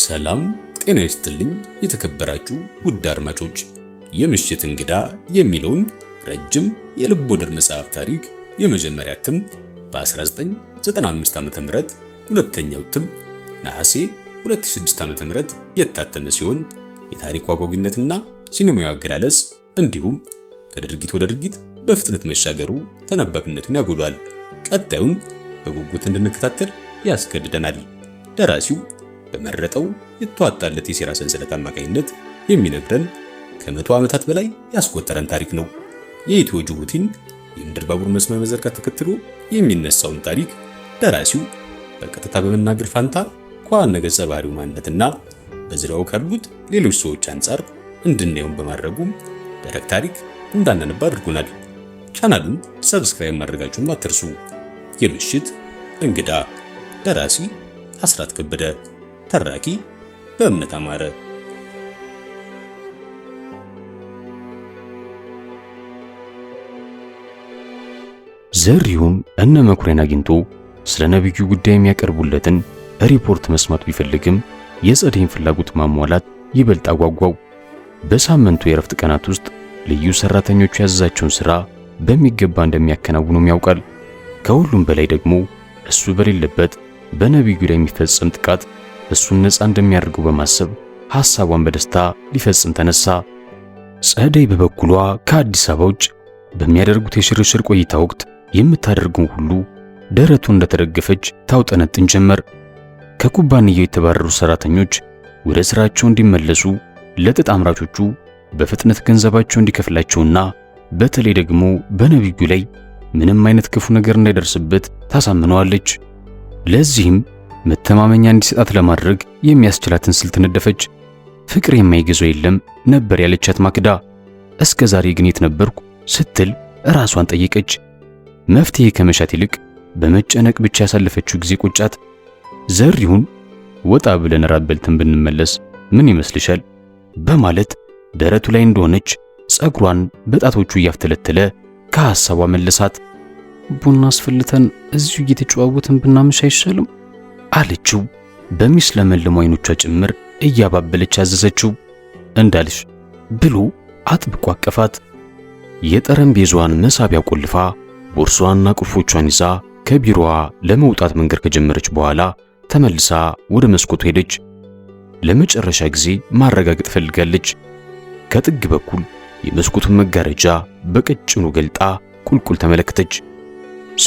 ሰላም ጤና ይስጥልኝ የተከበራችሁ ውድ አድማጮች፣ የምሽት እንግዳ የሚለውን ረጅም የልብ ወለድ መጽሐፍ ታሪክ የመጀመሪያ እትም በ1995 ዓ.ም ሁለተኛው እትም ነሐሴ ዓ ዓ.ም የታተመ ሲሆን የታሪኩ አጓጊነትና ሲኒማዊ አገላለጽ እንዲሁም ከድርጊት ወደ ድርጊት በፍጥነት መሻገሩ ተነባቢነቱን ያጎሏል። ቀጣዩን በጉጉት እንድንከታተል ያስገድደናል። ደራሲው በመረጠው የተዋጣለት የሴራ ሰንሰለት አማካኝነት የሚነግረን ከመቶ ዓመታት በላይ ያስቆጠረን ታሪክ ነው። የኢትዮ ጅቡቲን የምድር ባቡር መስመር መዘርጋት ተከትሎ የሚነሳውን ታሪክ ደራሲው በቀጥታ በመናገር ፋንታ ከዋነ ገጸ ባህሪው ማንነትና በዙሪያው ካሉት ሌሎች ሰዎች አንጻር እንድናየውን በማድረጉ ደረቅ ታሪክ እንዳናነባ አድርጎናል። ቻናሉን ሰብስክራይብ ማድረጋችሁን አትርሱ። የምሽት እንግዳ ደራሲ አስራት ከበደ ተራኪ በእምነት አማረ ዘሪሁን እነ መኩሪያን አግኝቶ ስለ ነቢዩ ጉዳይ የሚያቀርቡለትን ሪፖርት መስማት ቢፈልግም የጸደይን ፍላጎት ማሟላት ይበልጥ አጓጓው። በሳምንቱ የእረፍት ቀናት ውስጥ ልዩ ሰራተኞቹ ያዘዛቸውን ስራ በሚገባ እንደሚያከናውኑም ያውቃል። ከሁሉም በላይ ደግሞ እሱ በሌለበት በነቢዩ ላይ የሚፈጸም ጥቃት እሱን ነፃ እንደሚያደርገው በማሰብ ሐሳቧን በደስታ ሊፈጽም ተነሳ። ፀደይ በበኩሏ ከአዲስ አበባ ውጭ በሚያደርጉት የሽርሽር ቆይታ ወቅት የምታደርገው ሁሉ ደረቱ እንደተደገፈች ታውጠነጥን ጀመር። ከኩባንያው የተባረሩ ሰራተኞች ወደ ስራቸው እንዲመለሱ ለጥጥ አምራቾቹ በፍጥነት ገንዘባቸው እንዲከፍላቸውና በተለይ ደግሞ በነቢዩ ላይ ምንም አይነት ክፉ ነገር እንዳይደርስበት ታሳምነዋለች። ለዚህም መተማመኛ እንዲሰጣት ለማድረግ የሚያስችላትን ስልት ነደፈች። ፍቅር የማይገዛው የለም ነበር ያለቻት ማክዳ እስከ ዛሬ ግን የት ነበርኩ ስትል ራሷን ጠየቀች። መፍትሄ ከመሻት ይልቅ በመጨነቅ ብቻ ያሳለፈችው ጊዜ ዘር ዘሪሁን ወጣ ብለን ራት በልተን ብንመለስ ምን ይመስልሻል? በማለት ደረቱ ላይ እንደሆነች ጸጉሯን በጣቶቹ እያፍተለተለ ከሐሳቧ መለሳት። ቡና አስፈልተን እዚሁ እየተጨዋወትን ብናመሽ አይሻልም? አለችው በሚስለመልሙ አይኖቿ ጭምር እያባበለች አዘዘችው። እንዳልሽ ብሎ አጥብቆ አቀፋት። የጠረጴዛዋን መሳቢያ ቆልፋ ቦርሷንና ቁልፎቿን ይዛ ከቢሮዋ ለመውጣት መንገድ ከጀመረች በኋላ ተመልሳ ወደ መስኮቱ ሄደች። ለመጨረሻ ጊዜ ማረጋገጥ ፈልጋለች። ከጥግ በኩል የመስኮቱን መጋረጃ በቀጭኑ ገልጣ ቁልቁል ተመለከተች።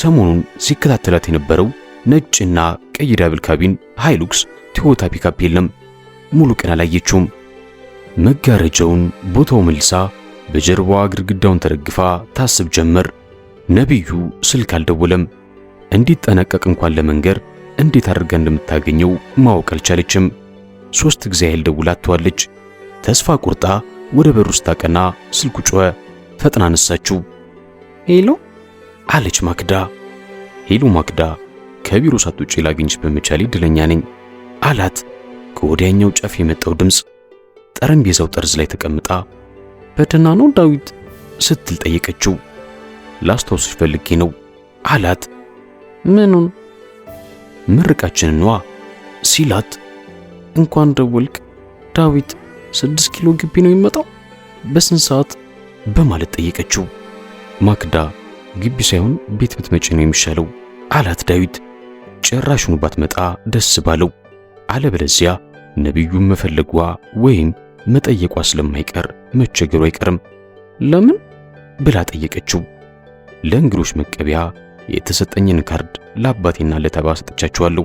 ሰሞኑን ሲከታተላት የነበረው ነጭና ቀይ ዳብል ካቢን ሃይሉክስ ቶዮታ ፒካፕ የለም። ሙሉ ቀን አላየችውም። መጋረጃውን ቦታው መልሳ በጀርባዋ ግድግዳውን ተደግፋ ታስብ ጀመር። ነቢዩ ስልክ አልደወለም። እንዲጠነቀቅ እንኳን ለመንገር እንዴት አድርጋ እንደምታገኘው ማወቅ አልቻለችም። ሶስት ጊዜ ያህል ደውላ ተዋለች። ተስፋ ቁርጣ ወደ በሩ ስታቀና ስልኩ ጮኸ። ፈጥና አነሳችው። ሄሎ አለች ማክዳ። ሄሎ ማክዳ ከቢሮ ሳትወጪ ላግኝሽ በመቻል እድለኛ ነኝ አላት። ከወዲያኛው ጫፍ የመጣው ድምፅ ጠረጴዛው ጠርዝ ላይ ተቀምጣ በደህና ነው ዳዊት ስትል ጠየቀችው። ላስታውስሽ ፈልጌ ነው አላት። ምኑን? ምርቃችንን ነዋ ሲላት፣ እንኳን ደወልክ ዳዊት፣ ስድስት ኪሎ ግቢ ነው የሚመጣው በስንት ሰዓት በማለት ጠየቀችው። ማክዳ ግቢ ሳይሆን ቤት ብትመጪ ነው የሚሻለው አላት ዳዊት። ጭራሹኑ ባትመጣ ደስ ባለው፣ አለበለዚያ ነቢዩን መፈለጓ ወይም መጠየቋ ስለማይቀር መቸገሩ አይቀርም። ለምን ብላ ጠየቀችው። ለእንግዶች መቀቢያ የተሰጠኝን ካርድ ለአባቴና ለተባ ሰጥቻችኋለሁ።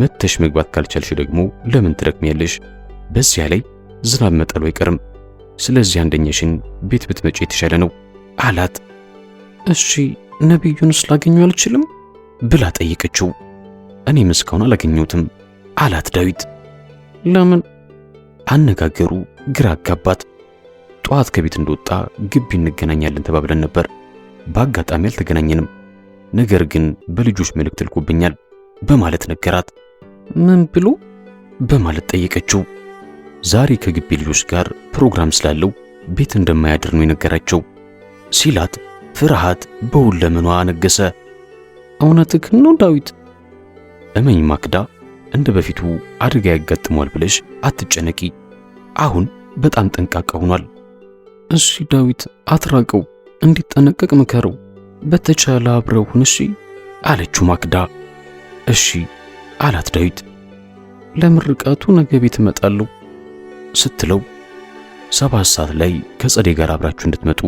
መተሽ መግባት ካልቻልሽ ደግሞ ለምን ትደክሚያለሽ? በዚያ ላይ ዝናብ መጣሉ አይቀርም። ስለዚህ አንደኛሽን ቤት ብትመጪ የተሻለ ነው አላት። እሺ ነቢዩን ስላገኘው አልችልም ብላ ጠየቀችው። እኔም እስካሁን አላገኘሁትም አላት ዳዊት። ለምን አነጋገሩ ግራ አጋባት። ጠዋት ከቤት እንደወጣ ግቢ እንገናኛለን ተባብለን ነበር። በአጋጣሚ አልተገናኘንም። ነገር ግን በልጆች መልእክት ልኮብኛል በማለት ነገራት። ምን ብሎ በማለት ጠየቀችው። ዛሬ ከግቢ ልጆች ጋር ፕሮግራም ስላለው ቤት እንደማያድር ነው የነገራቸው ሲላት፣ ፍርሃት በሁለመኗ አነገሰ። እውነትህን ነው ዳዊት እመኝ ማክዳ፣ እንደ በፊቱ አደጋ ያጋጥሟል ብለሽ አትጨነቂ። አሁን በጣም ጠንቃቃ ሆኗል። እሺ ዳዊት፣ አትራቀው፣ እንዲጠነቀቅ ምከረው። በተቻለ አብረው ሁን እሺ አለችው ማክዳ። እሺ አላት ዳዊት። ለምርቃቱ ነገ ቤት እመጣለሁ ስትለው ሰባት ሰዓት ላይ ከጸደይ ጋር አብራችሁ እንድትመጡ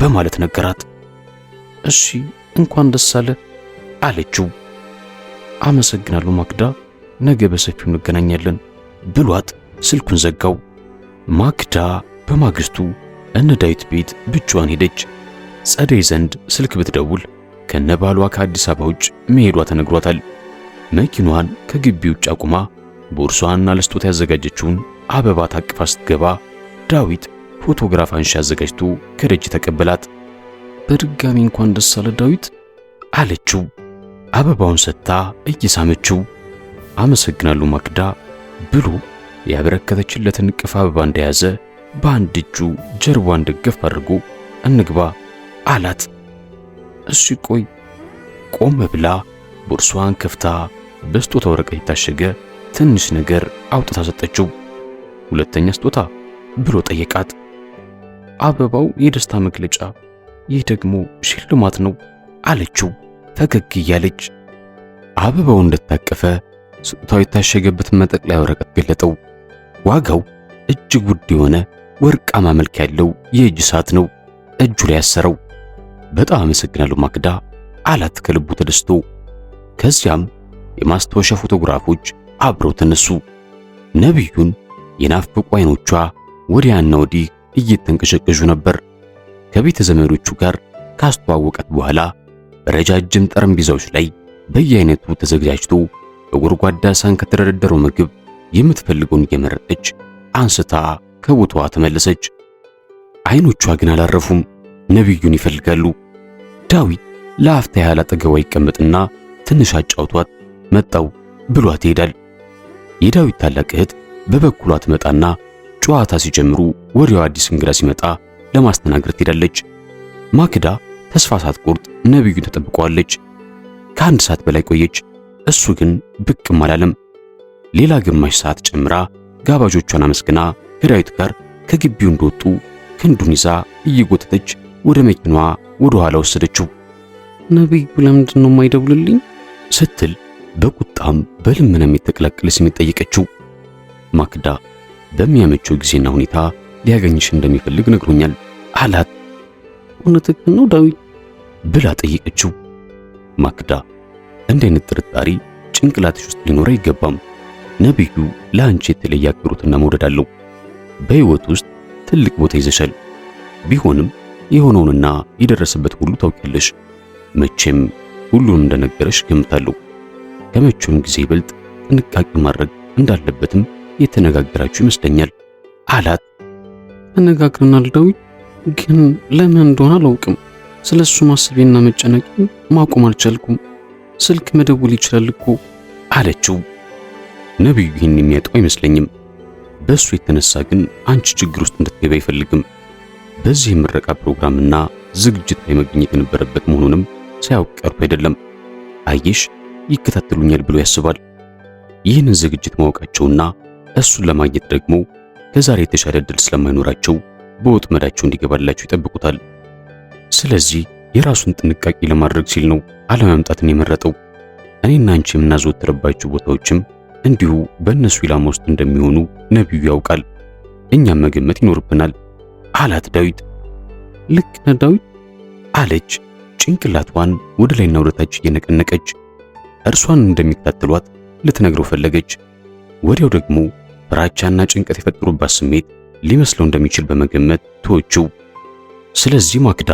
በማለት ነገራት። እሺ እንኳን ደስ አለ አለችው። አመሰግናለሁ ማክዳ፣ ነገ በሰፊው እንገናኛለን ብሏት ስልኩን ዘጋው። ማክዳ በማግስቱ እነ ዳዊት ቤት ብቻዋን ሄደች። ጸደይ ዘንድ ስልክ ብትደውል ከነባሏ ከአዲስ አበባ ውጭ መሄዷ ተነግሯታል። መኪናዋን ከግቢ ውጭ አቁማ ቦርሷንና ለስጦታ ያዘጋጀችውን አበባ ታቅፋ ስትገባ ዳዊት ፎቶግራፍ አንሺ አዘጋጅቶ ከደጅ ተቀበላት። በድጋሚ እንኳን ደስ አለ ዳዊት አለችው። አበባውን ሰጥታ እየሳመችው አመሰግናለሁ ማክዳ ብሎ ያበረከተችለትን እቅፍ አበባ እንደያዘ በአንድ እጁ ጀርባዋን ደገፍ አድርጎ እንግባ አላት። እሺ ቆይ። ቆም ብላ ቦርሷን ከፍታ በስጦታ ወረቀት የታሸገ ትንሽ ነገር አውጥታ ሰጠችው። ሁለተኛ ስጦታ ብሎ ጠየቃት። አበባው የደስታ መግለጫ፣ ይህ ደግሞ ሽልማት ነው አለችው። ፈገግ እያለች አበባው እንደታቀፈ ስጦታው የታሸገበትን መጠቅለያ ወረቀት ገለጠው። ዋጋው እጅግ ውድ የሆነ ወርቃማ መልክ ያለው የእጅ ሰዓት ነው እጁ ላይ ያሰረው። በጣም አመሰግናለሁ ማክዳ አላት ከልቡ ተደስቶ። ከዚያም የማስታወሻ ፎቶግራፎች አብረው ተነሱ። ነቢዩን የናፈቁ አይኖቿ ወዲያና ወዲህ እየተንቀሸቀሹ ነበር። ከቤተ ዘመዶቹ ጋር ካስተዋወቀት በኋላ ረጃጅም ጠረጴዛዎች ላይ በየአይነቱ ተዘጋጅቶ በጎድጓዳ ሳህን ከተደረደረው ምግብ የምትፈልገውን እየመረጠች አንስታ ከቦታዋ ተመለሰች። አይኖቿ ግን አላረፉም፣ ነቢዩን ይፈልጋሉ። ዳዊት ለአፍታ ያህል አጠገቧ ይቀመጥና ትንሽ አጫውቷት መጣው ብሏት ይሄዳል። የዳዊት ታላቅ እህት በበኩሏ ትመጣና ጨዋታ ሲጀምሩ ወዲያው አዲስ እንግዳ ሲመጣ ለማስተናገድ ትሄዳለች። ማክዳ ተስፋ ሳትቆርጥ ነቢዩን ተጠብቀዋለች። ከአንድ ሰዓት በላይ ቆየች። እሱ ግን ብቅም አላለም። ሌላ ግማሽ ሰዓት ጨምራ ጋባዦቿን አመስግና ከዳዊት ጋር ከግቢው እንደወጡ ክንዱን ይዛ እየጎተተች ወደ መኪናዋ ወደ ኋላ ወሰደችው። ነቢዩ ለምንድን ነው የማይደውልልኝ ስትል በቁጣም በልመናም የተቀላቀለ ስሜት ጠየቀችው። ማክዳ በሚያመቸው ጊዜና ሁኔታ ሊያገኝሽ እንደሚፈልግ ነግሮኛል አላት። እውነትህን ነው ዳዊት ብላ ጠየቀችው። ማክዳ እንዲህ አይነት ጥርጣሬ ጭንቅላትሽ ውስጥ ሊኖር አይገባም። ነቢዩ ለአንቺ የተለየ አክብሮትና መውደድ አለው። በሕይወት ውስጥ ትልቅ ቦታ ይዘሻል። ቢሆንም የሆነውንና የደረሰበት ሁሉ ታውቂያለሽ። መቼም ሁሉን እንደነገረሽ ገምታለሁ። ከመቼውም ጊዜ ይበልጥ ጥንቃቄ ማድረግ እንዳለበትም የተነጋገራችሁ ይመስለኛል አላት። ተነጋግረናል ዳዊት፣ ግን ለምን እንደሆነ አላውቅም ስለ እሱ ማሰቤና መጨነቅ ማቆም አልቻልኩም። ስልክ መደወል ይችላል እኮ አለችው። ነቢዩ ይህን የሚያጠው አይመስለኝም። በእሱ የተነሳ ግን አንቺ ችግር ውስጥ እንድትገቢ አይፈልግም። በዚህ የምረቃ ፕሮግራምና ዝግጅት ላይ መገኘት የነበረበት መሆኑንም ሳያውቅ ቀርቶ አይደለም። አየሽ ይከታተሉኛል ብሎ ያስባል። ይህንን ዝግጅት ማወቃቸውና እሱን ለማግኘት ደግሞ ከዛሬ የተሻለ እድል ስለማይኖራቸው በወጥመዳቸው እንዲገባላቸው ይጠብቁታል። ስለዚህ የራሱን ጥንቃቄ ለማድረግ ሲል ነው አለመምጣትን የመረጠው። እኔና አንቺ የምናዘወትርባቸው ቦታዎችም እንዲሁ በእነሱ ኢላማ ውስጥ እንደሚሆኑ ነቢዩ ያውቃል። እኛም መገመት ይኖርብናል አላት ዳዊት። ልክ ነህ ዳዊት አለች ጭንቅላቷን ወደ ላይና ወደ ታች እየነቀነቀች። እርሷን እንደሚከታተሏት ልትነግረው ፈለገች። ወዲያው ደግሞ ፍራቻና ጭንቀት የፈጠሩባት ስሜት ሊመስለው እንደሚችል በመገመት ተወችው። ስለዚህ ማክዳ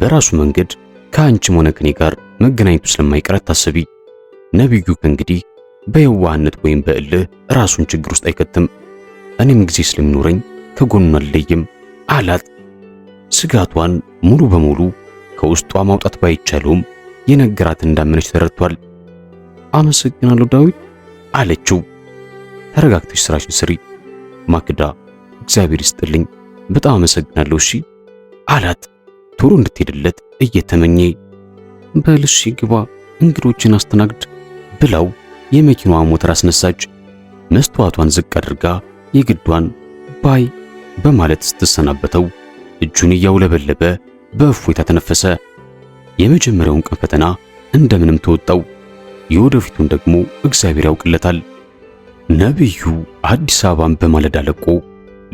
በራሱ መንገድ ከአንቺም ሆነ ከኔ ጋር መገናኘቱ ስለማይቀር አታስቢ። ነቢዩ ከእንግዲህ በየዋህነት ወይም በእልህ ራሱን ችግር ውስጥ አይከትም። እኔም ጊዜ ስለሚኖረኝ ከጎኑ አልለይም አላት። ስጋቷን ሙሉ በሙሉ ከውስጧ ማውጣት ባይቻለውም የነገራት እንዳመነች ተረድቷል። አመሰግናለሁ ዳዊት አለችው። ተረጋግተሽ ስራሽን ስሪ ማክዳ፣ እግዚአብሔር ይስጥልኝ። በጣም አመሰግናለሁ። እሺ አላት። ቶሎ እንድትሄድለት እየተመኘ በልሽ ግባ እንግዶችን አስተናግድ ብላው የመኪናዋ ሞተር አስነሳች። መስተዋቷን ዝቅ አድርጋ የግዷን ባይ በማለት ስትሰናበተው እጁን እያውለበለበ በእፎይታ ተነፈሰ። የመጀመሪያውን ቀን ፈተና እንደምንም ተወጣው። የወደፊቱን ደግሞ እግዚአብሔር ያውቅለታል። ነብዩ አዲስ አበባን በማለዳ ለቆ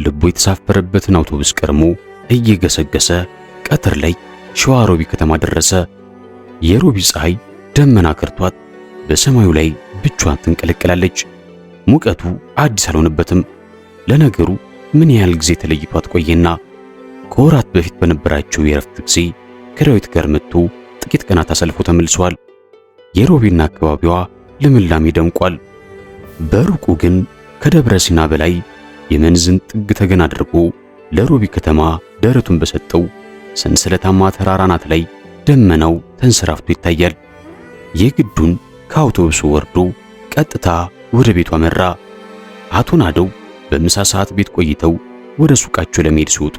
ልቡ የተሳፈረበትን አውቶቡስ ቀድሞ እየገሰገሰ ቀትር ላይ ሸዋሮቢ ከተማ ደረሰ። የሮቢ ፀሐይ ደመና ከርቷት በሰማዩ ላይ ብቻዋን ትንቀለቀላለች። ሙቀቱ አዲስ አልሆነበትም። ለነገሩ ምን ያህል ጊዜ ተለይቷት ቆየና ከወራት በፊት በነበራቸው የእረፍት ጊዜ ከዳዊት ጋር መጥቶ ጥቂት ቀናት አሳልፎ ተመልሷል። የሮቢና አካባቢዋ ልምላሜ ደምቋል። በሩቁ ግን ከደብረ ሲና በላይ የመንዝን ጥግ ተገን አድርጎ ለሮቢ ከተማ ደረቱን በሰጠው ሰንሰለታማ ተራራ አናት ላይ ደመናው ተንሰራፍቶ ይታያል። የግዱን ከአውቶቡሱ ወርዶ ቀጥታ ወደ ቤቱ አመራ። አቶ ናደው በምሳ ሰዓት ቤት ቆይተው ወደ ሱቃቸው ለመሄድ ሲወጡ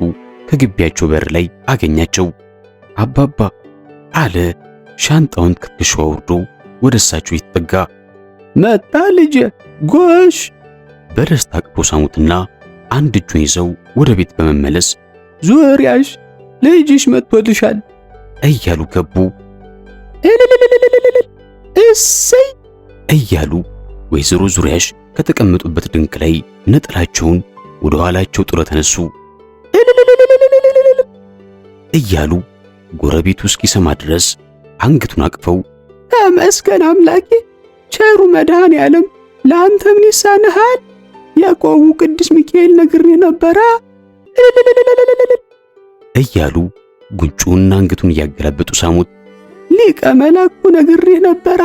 ከግቢያቸው በር ላይ አገኛቸው። አባባ አለ ሻንጣውን ከትከሻው አውርዶ ወደ እሳቸው ይጠጋ። መጣ ልጄ ጎሽ በደስታ አቅፎ ሳሙትና አንድ እጁን ይዘው ወደ ቤት በመመለስ ዙሪያሽ ልጅሽ መጥቶልሻል እያሉ ገቡ። እሰይ እያሉ ወይዘሮ ዙሪያሽ ከተቀመጡበት ድንክ ላይ ነጠላቸውን ወደ ኋላቸው ጥሎ ተነሱ። እያሉ ጎረቤቱ እስኪሰማ ድረስ አንገቱን አቅፈው ተመስገን አምላኬ፣ ቸሩ መድኃኔ ዓለም ለአንተ ምን ይሳንሃል? ያዕቆቡ ቅዱስ ሚካኤል ነግሬ ነበራ። እያሉ ጉንጩና አንገቱን እያገላበጡ ሳሙት። ሊቀ መላኩ ነግሬህ ነበራ።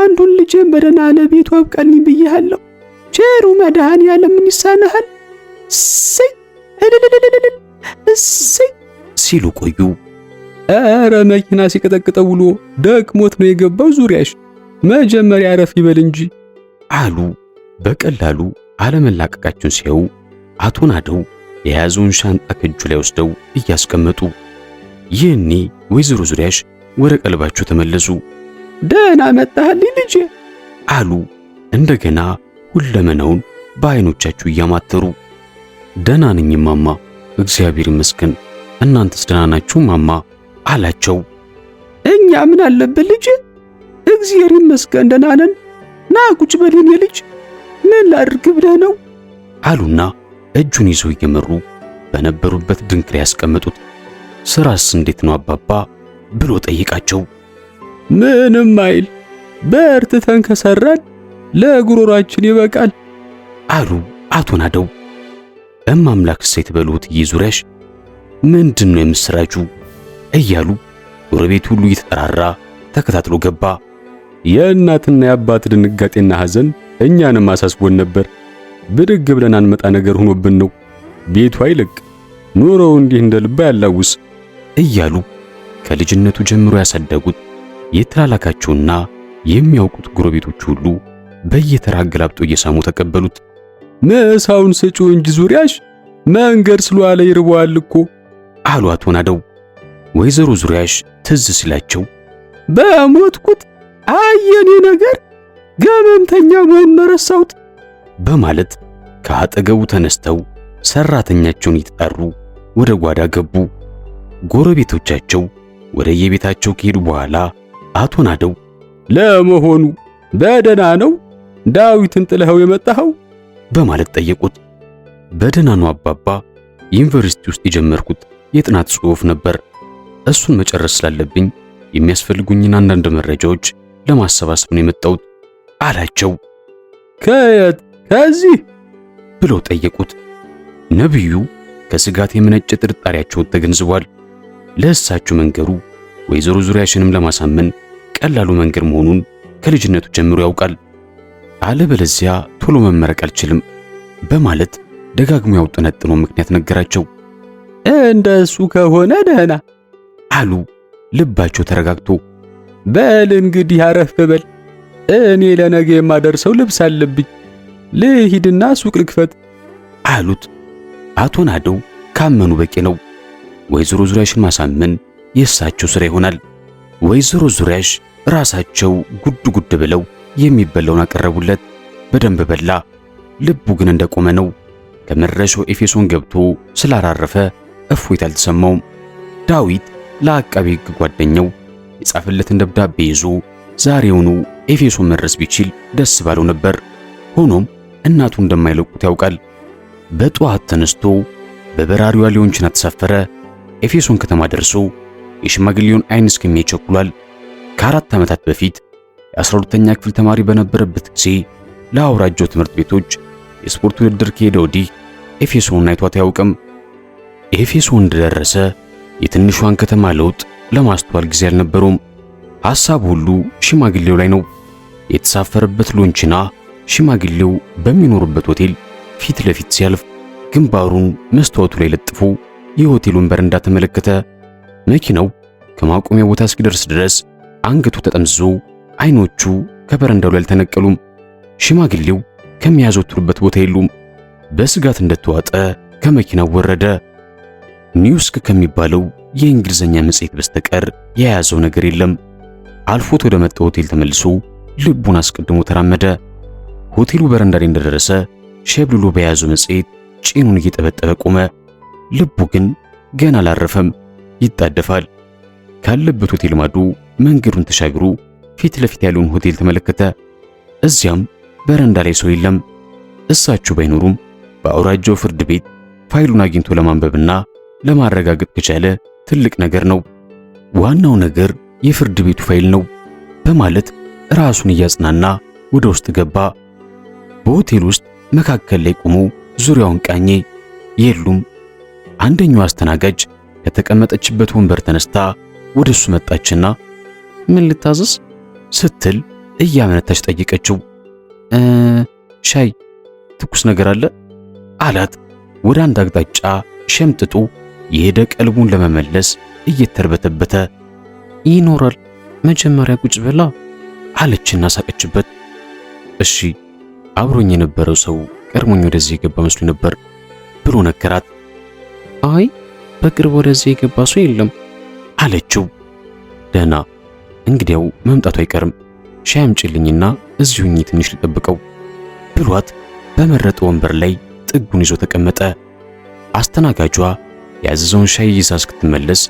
አንዱን ልጄን በደህና ለቤቱ አብቃልኝ ብያለሁ። ቸሩ መድኃኔ ዓለም ምን ይሳናሃል? እሰይ እሰይ ሲሉ ቆዩ። ኧረ መኪና ሲቀጠቅጠው ውሎ ደክሞት ነው የገባው ዙሪያሽ መጀመሪያ አረፍ ይበል እንጂ አሉ። በቀላሉ አለመላቀቃቸውን ሲያዩ አቶ ናደው የያዙን ሻንጣ ከእጁ ላይ ወስደው እያስቀመጡ ይህኔ ወይዘሮ ዙሪያሽ ወደ ቀልባቸው ተመለሱ። ደህና መጣህልኝ ልጄ አሉ እንደገና ሁለመናውን በዓይኖቻቸው እያማተሩ። ደህና ነኝ ማማ፣ እግዚአብሔር ይመስገን። እናንተስ ደህና ናችሁ ማማ አላቸው። እኛ ምን አለብን ልጄ፣ እግዚአብሔር ይመስገን ደህና ነን። ና ቁጭ በል የኔ ልጅ፣ ምን ላድርግ ብለህ ነው አሉና እጁን ይዘው እየመሩ በነበሩበት ድንቅ ላይ ያስቀመጡት። ስራስ እንዴት ነው አባባ ብሎ ጠይቃቸው። ምንም አይል በርትተን ከሰራን ለጉሮሯችን ይበቃል አሉ አቶ ናደው። እማምላክ ሴት በሉት ዙሪያሽ ምንድን ነው የምስራጁ እያሉ ጎረቤት ሁሉ እየተጠራራ ተከታትሎ ገባ። የእናትና የአባት ድንጋጤና ሐዘን እኛንም አሳስቦን ነበር። ብድግ ብለን አንመጣ ነገር ሆኖብን ነው። ቤቱ አይለቅ፣ ኑሮው እንዲህ እንደ ልባ ያላውስ እያሉ ከልጅነቱ ጀምሮ ያሳደጉት የተላላካቸውና የሚያውቁት ጎረቤቶች ሁሉ በየተራ አገላብጦ እየሳሙ ተቀበሉት። ምሳውን ስጪው እንጂ ዙሪያሽ መንገድ ስለዋለ ይርበዋል እኮ አሏት ወናደው። ወይዘሮ ዙሪያሽ ትዝ ሲላቸው በሞትኩት አየኔ ነገር ገመምተኛ መሆን መረሳውት በማለት ከአጠገቡ ተነስተው ሰራተኛቸውን እየተጣሩ ወደ ጓዳ ገቡ። ጎረቤቶቻቸው ወደ የቤታቸው ከሄዱ በኋላ አቶ ናደው ለመሆኑ በደና ነው ዳዊትን ጥለኸው የመጣኸው? በማለት ጠየቁት። በደና ነው አባባ፣ ዩኒቨርሲቲ ውስጥ የጀመርኩት የጥናት ጽሑፍ ነበር። እሱን መጨረስ ስላለብኝ የሚያስፈልጉኝን አንዳንድ መረጃዎች ለማሰባሰብ ነው የመጣሁት አላቸው። ከየት እዚህ ብለው ጠየቁት። ነቢዩ ከስጋት የመነጨ ጥርጣሬያቸውን ተገንዝቧል። ለእሳቸው መንገሩ ወይዘሮ ዙሪያሽንም ለማሳመን ቀላሉ መንገድ መሆኑን ከልጅነቱ ጀምሮ ያውቃል። አለበለዚያ ቶሎ መመረቅ አልችልም በማለት ደጋግሞ ያውጠነጥነው ምክንያት ነገራቸው። እንደሱ ከሆነ ደህና አሉ፣ ልባቸው ተረጋግቶ። በል እንግዲህ አረፍ በል እኔ ለነገ የማደርሰው ልብስ አለብኝ ልሂድና ሱቅ ልክፈት አሉት። አቶ ናደው ካመኑ በቂ ነው። ወይዘሮ ዙሪያሽን ማሳመን የእሳቸው ሥራ ይሆናል። ወይዘሮ ዙሪያሽ ራሳቸው ጉድ ጉድ ብለው የሚበላውን አቀረቡለት። በደንብ በላ። ልቡ ግን እንደቆመ ነው። ከመድረሻው ኤፌሶን ገብቶ ስላራረፈ እፎይታ አልተሰማውም። ዳዊት ለአቃቤ ሕግ ጓደኛው የጻፈለትን ደብዳቤ ይዞ ዛሬውኑ ኤፌሶን መድረስ ቢችል ደስ ባለው ነበር። ሆኖም እናቱ እንደማይለቁት ያውቃል። በጠዋት ተነስቶ በበራሪዋ ሊሆንችን ተሳፈረ። ኤፌሶን ከተማ ደርሶ የሽማግሌውን አይን እስከሚያይ ቸኩሏል። ከአራት ዓመታት በፊት የ12ኛ ክፍል ተማሪ በነበረበት ጊዜ ለአውራጃው ትምህርት ቤቶች የስፖርት ውድድር ከሄደ ወዲህ ኤፌሶን አይቷት አያውቅም። ኤፌሶን እንደደረሰ የትንሿን ከተማ ለውጥ ለማስተዋል ጊዜ አልነበረውም። ሐሳብ ሁሉ ሽማግሌው ላይ ነው። የተሳፈረበት ሎንችና ሽማግሌው በሚኖሩበት ሆቴል ፊት ለፊት ሲያልፍ ግንባሩን መስታወቱ ላይ ለጥፎ የሆቴሉን በረንዳ ተመለከተ። መኪናው ከማቆሚያ ቦታ እስኪደርስ ድረስ አንገቱ ተጠምዝዞ አይኖቹ ከበረንዳው ላይ አልተነቀሉም። ሽማግሌው ከሚያዘወትሩበት ቦታ የሉም። በስጋት እንደተዋጠ ከመኪናው ወረደ። ኒውስክ ከሚባለው የእንግሊዝኛ መጽሔት በስተቀር የያዘው ነገር የለም። አልፎት ወደ መጣው ሆቴል ተመልሶ ልቡን አስቀድሞ ተራመደ። ሆቴሉ በረንዳ ላይ እንደደረሰ ሸብልሎ በያዘው መጽሔት ጭኑን እየጠበጠበ ቆመ። ልቡ ግን ገና አላረፈም፣ ይጣደፋል። ካለበት ሆቴል ማዶ መንገዱን ተሻግሮ ፊት ለፊት ያለውን ሆቴል ተመለከተ። እዚያም በረንዳ ላይ ሰው የለም። እሳቸው ባይኖሩም በአውራጃው ፍርድ ቤት ፋይሉን አግኝቶ ለማንበብና ለማረጋገጥ ከቻለ ትልቅ ነገር ነው። ዋናው ነገር የፍርድ ቤቱ ፋይል ነው በማለት ራሱን እያጽናና ወደ ውስጥ ገባ። በሆቴል ውስጥ መካከል ላይ ቆሞ ዙሪያውን ቃኘ። የሉም። አንደኛው አስተናጋጅ ከተቀመጠችበት ወንበር ተነስታ ወደሱ መጣችና ምን ልታዘዝ ስትል እያመነታች ጠየቀችው። ሻይ ትኩስ ነገር አለ አላት። ወደ አንድ አቅጣጫ ሸምጥጦ የሄደ ቀልቡን ለመመለስ እየተርበተበተ ይኖራል። መጀመሪያ ቁጭ ብላ አለችና ሳቀችበት። እሺ አብሮኝ የነበረው ሰው ቀድሞኝ ወደዚህ የገባ መስሎ ነበር ብሎ ነገራት። አይ በቅርብ ወደዚህ የገባ ሰው የለም አለችው። ደህና እንግዲያው መምጣቱ አይቀርም ሻይ አምጪልኝና እዚሁኝ ትንሽ ልጠብቀው ብሏት በመረጠ ወንበር ላይ ጥጉን ይዞ ተቀመጠ። አስተናጋጇ ያዘዘውን ሻይ ይዛ እስክትመለስ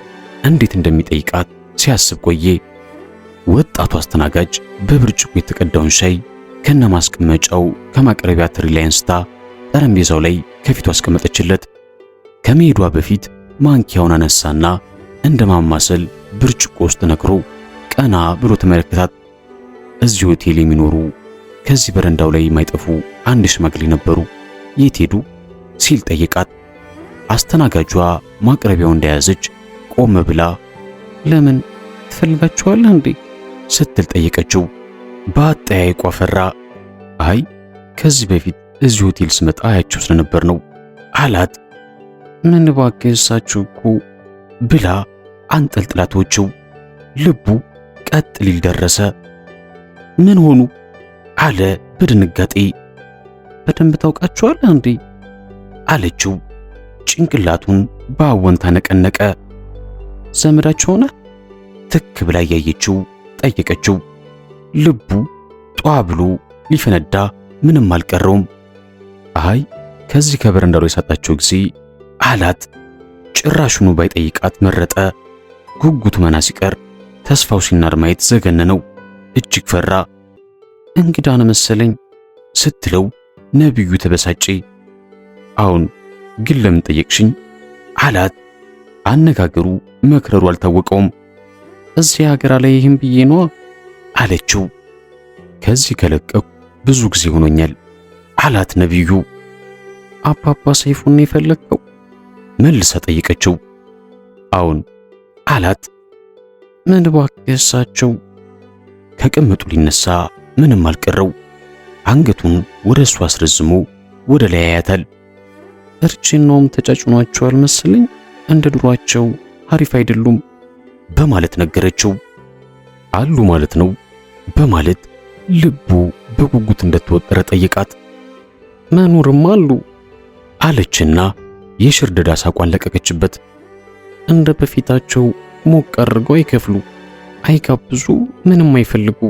እንዴት እንደሚጠይቃት ሲያስብ ቆየ። ወጣቱ አስተናጋጅ በብርጭቆ የተቀዳውን ሻይ ከነማስቀመጫው ከማቅረቢያ ትሪ ላይ አንስታ ጠረጴዛው ላይ ከፊቱ አስቀመጠችለት። ከመሄዷ በፊት ማንኪያውን አነሳና እንደ ማማሰል ብርጭቆ ውስጥ ነክሮ ቀና ብሎ ተመለከታት። እዚህ ሆቴል የሚኖሩ ከዚህ በረንዳው ላይ የማይጠፉ አንድ ሽማግሌ ነበሩ። የት ሄዱ ሲል ጠየቃት። አስተናጋጇ ማቅረቢያው እንደያዘች ቆም ብላ ለምን ትፈልጋቸዋለህ እንዴ ስትል ጠየቀችው። በአጠያይቋ ፈራ። አይ ከዚህ በፊት እዚህ ሆቴል ስመጣ አያቸው ስለነበር ነው አላት። ምን እባክህ እሳችሁ እኮ ብላ አንጠልጥላቶችው ልቡ ቀጥ ሊል ደረሰ። ምን ሆኑ አለ በድንጋጤ። በደንብ ታውቃችኋለህ እንዴ አለችው። ጭንቅላቱን በአወንታ ነቀነቀ። ዘመዳችሁ ሆነ ትክ ብላ እያየችው ጠየቀችው። ልቡ ጧ ብሎ ሊፈነዳ ምንም አልቀረውም። አይ ከዚህ ከበር የሰጣቸው ጊዜ አላት። ጭራሹኑ ባይጠይቃት መረጠ። ጉጉቱ መና ሲቀር ተስፋው ሲናር ማየት ዘገነነው። እጅግ ፈራ። እንግዳ መሰለኝ ስትለው ነቢዩ ተበሳጨ። አሁን ግን ለምን ጠየቅሽኝ አላት። አነጋገሩ መክረሩ አልታወቀውም። እዚህ ሀገር ላይ ይህም ብዬ ነዋ አለችው። ከዚህ ከለቀቁ ብዙ ጊዜ ሆኖኛል አላት ነቢዩ። አባባ ሰይፉን የፈለግከው መልሳ ጠይቀችው። አሁን አላት። ምን እባክህ እሳቸው ከቀመጡ ሊነሳ ምንም አልቀረው። አንገቱን ወደ እሱ አስረዝሞ ወደ ላይ ያያታል። እርጅናውም ተጫጭኗቸዋል መሰለኝ እንደ ድሯቸው አሪፍ አይደሉም በማለት ነገረችው። አሉ ማለት ነው በማለት ልቡ በጉጉት እንደተወጠረ ጠይቃት። መኖርም አሉ አለችና የሽርደዳ ሳቋን ለቀቀችበት። እንደ በፊታቸው ሞቅ አድርገው አይከፍሉ፣ አይጋብዙ፣ ምንም አይፈልጉ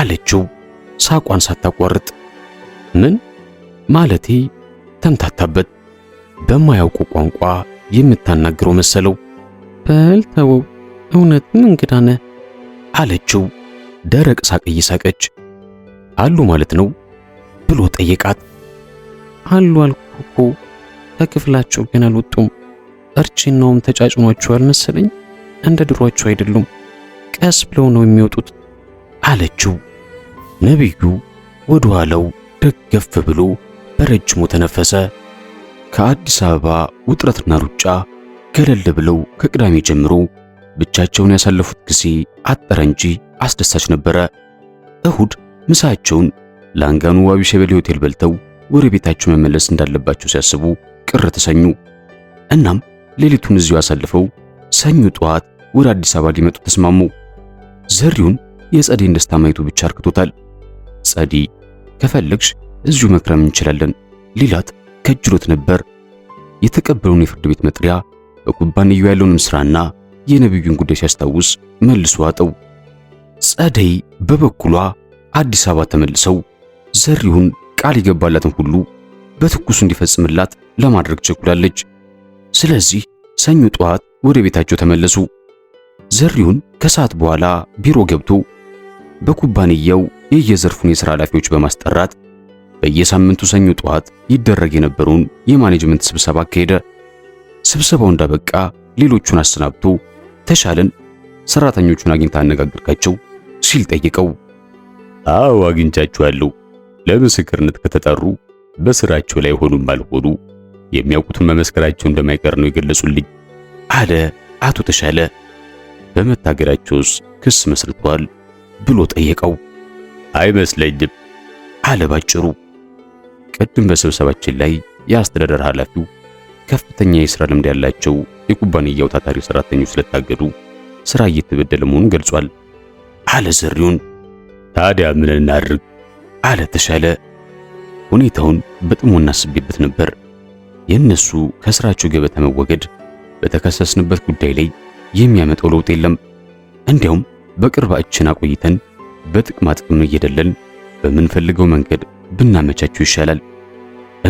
አለችው ሳቋን ሳታቋርጥ። ምን ማለቴ ተምታታበት። በማያውቁ ቋንቋ የምታናግረው መሰለው። በል ተወው፣ እውነትም እንግዳ ነህ አለችው ደረቅ ሳቅ እየሳቀች አሉ ማለት ነው ብሎ ጠየቃት። አሉ አልኩህ እኮ ከክፍላቸው ግን አልወጡም። እርችናውም ተጫጭኗቸው አልመሰለኝ እንደ ድሯቸው አይደሉም። ቀስ ብለው ነው የሚወጡት አለችው። ነቢዩ ወደ ኋላው ደገፍ ብሎ በረጅሙ ተነፈሰ። ከአዲስ አበባ ውጥረትና ሩጫ ገለል ብለው ከቅዳሜ ጀምሮ ብቻቸውን ያሳለፉት ጊዜ አጠረ እንጂ አስደሳች ነበረ። እሁድ ምሳቸውን ላንጋኑ ዋቢ ሸበሌ ሆቴል በልተው ወደ ቤታቸው መመለስ እንዳለባቸው ሲያስቡ ቅር ተሰኙ። እናም ሌሊቱን እዚሁ አሳልፈው ሰኞ ጠዋት ወደ አዲስ አበባ ሊመጡ ተስማሙ። ዘሪውን የጸዴን ደስታ ማየቱ ብቻ አርክቶታል። ጸዴ ከፈለግሽ እዚሁ መክረም እንችላለን ሊላት ከጅሎት ነበር። የተቀበለውን የፍርድ ቤት መጥሪያ በኩባንያው ያለውንም ስራና የነብዩን ጉዳይ ሲያስታውስ መልሶ አጠው። ጸደይ በበኩሏ አዲስ አበባ ተመልሰው ዘሪሁን ቃል የገባላትን ሁሉ በትኩሱ እንዲፈጽምላት ለማድረግ ቸኩላለች። ስለዚህ ሰኞ ጠዋት ወደ ቤታቸው ተመለሱ። ዘሪሁን ከሰዓት በኋላ ቢሮ ገብቶ በኩባንያው የየዘርፉን የሥራ ኃላፊዎች በማስጠራት በየሳምንቱ ሰኞ ጠዋት ይደረግ የነበረውን የማኔጅመንት ስብሰባ አካሄደ። ስብሰባው እንዳበቃ ሌሎቹን አሰናብቶ ተሻለን ሰራተኞቹን አግኝታ አነጋግርካቸው ሲል ጠይቀው፣ አዎ አግኝቻቸዋለሁ። ለምስክርነት ከተጠሩ በስራቸው ላይ ሆኑም አልሆኑ የሚያውቁትን መመስከራቸው እንደማይቀር ነው የገለጹልኝ አለ አቶ ተሻለ። በመታገዳቸውስ ክስ መስርቷል ብሎ ጠየቀው። አይመስለኝም አለ ባጭሩ። ቅድም በስብሰባችን ላይ የአስተዳደር ኃላፊው ከፍተኛ የሥራ ልምድ ያላቸው የኩባንያው ታታሪ ሰራተኞች ስለታገዱ ሥራ እየተበደለ መሆኑን ገልጿል። አለ ዘሪውን ታዲያ ምን እናድርግ አለ ተሻለ። ሁኔታውን በጥሞና አስቤበት ነበር። የእነሱ ከስራቸው ገበታ መወገድ በተከሰስንበት ጉዳይ ላይ የሚያመጣው ለውጥ የለም። እንዲያውም በቅርባችን አቆይተን በጥቅማ ጥቅም እየደለን በምንፈልገው መንገድ ብናመቻቸው ይሻላል።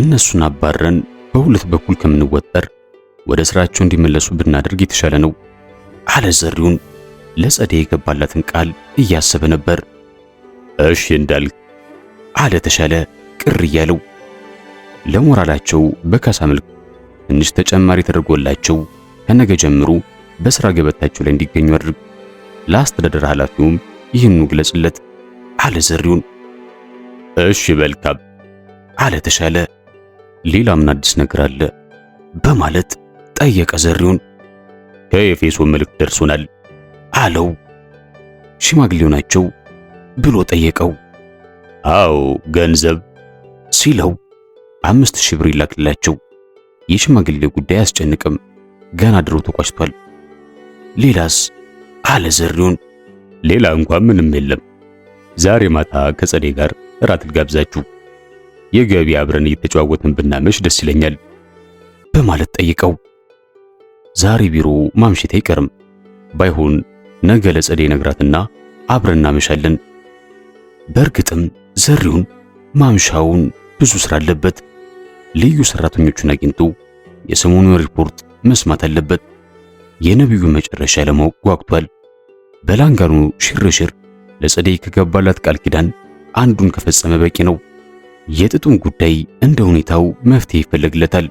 እነሱን አባረን በሁለት በኩል ከምንወጠር ወደ ስራቸው እንዲመለሱ ብናደርግ የተሻለ ነው አለ ዘሪሁን። ለጸደይ የገባላትን ቃል እያሰበ ነበር። እሺ እንዳልክ አለ ተሻለ ቅር እያለው። ለሞራላቸው በካሳ መልክ ትንሽ ተጨማሪ ተደርጎላቸው ከነገ ጀምሮ በስራ ገበታቸው ላይ እንዲገኙ አድርግ። ለአስተዳደር ኃላፊውም ይህኑ ግለጽለት አለ ዘሪውን። እሺ በልካብ አለ ተሻለ። ሌላ ምን አዲስ ነገር አለ በማለት ጠየቀ ዘሪውን። ከኤፌሶ መልእክት ደርሶናል አለው። ሽማግሌው ናቸው ብሎ ጠየቀው። አዎ ገንዘብ ሲለው አምስት ሺህ ብር ይላክላቸው። የሽማግሌው ጉዳይ አያስጨንቅም፣ ገና ድሮ ተቋጭቷል። ሌላስ አለ ዘሪውን። ሌላ እንኳን ምንም የለም። ዛሬ ማታ ከጸደይ ጋር እራት ልጋብዛችሁ፣ የገቢ አብረን እየተጨዋወትን ብናመሽ ደስ ይለኛል በማለት ጠይቀው ዛሬ ቢሮ ማምሸት አይቀርም ባይሆን ነገ ለጸዴ ነግራትና አብረን እናመሻለን። በእርግጥም ዘሪውን ማምሻውን ብዙ ስራ አለበት። ልዩ ሰራተኞቹን አግኝቶ የሰሞኑ ሪፖርት መስማት አለበት። የነቢዩ መጨረሻ ለማወቅ ጓጉቷል። በላንጋኑ ሽርሽር ለጸደይ ከገባላት ቃል ኪዳን አንዱን ከፈጸመ በቂ ነው። የጥጡን ጉዳይ እንደ ሁኔታው መፍትሄ ይፈለግለታል።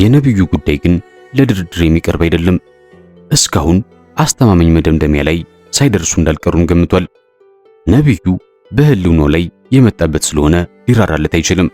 የነቢዩ ጉዳይ ግን ለድርድር የሚቀርብ አይደለም። እስካሁን አስተማመኝ መደምደሚያ ላይ ሳይደርሱ እንዳልቀሩን ገምቷል። ነቢዩ በህልውናው ላይ የመጣበት ስለሆነ ሊራራለት አይችልም።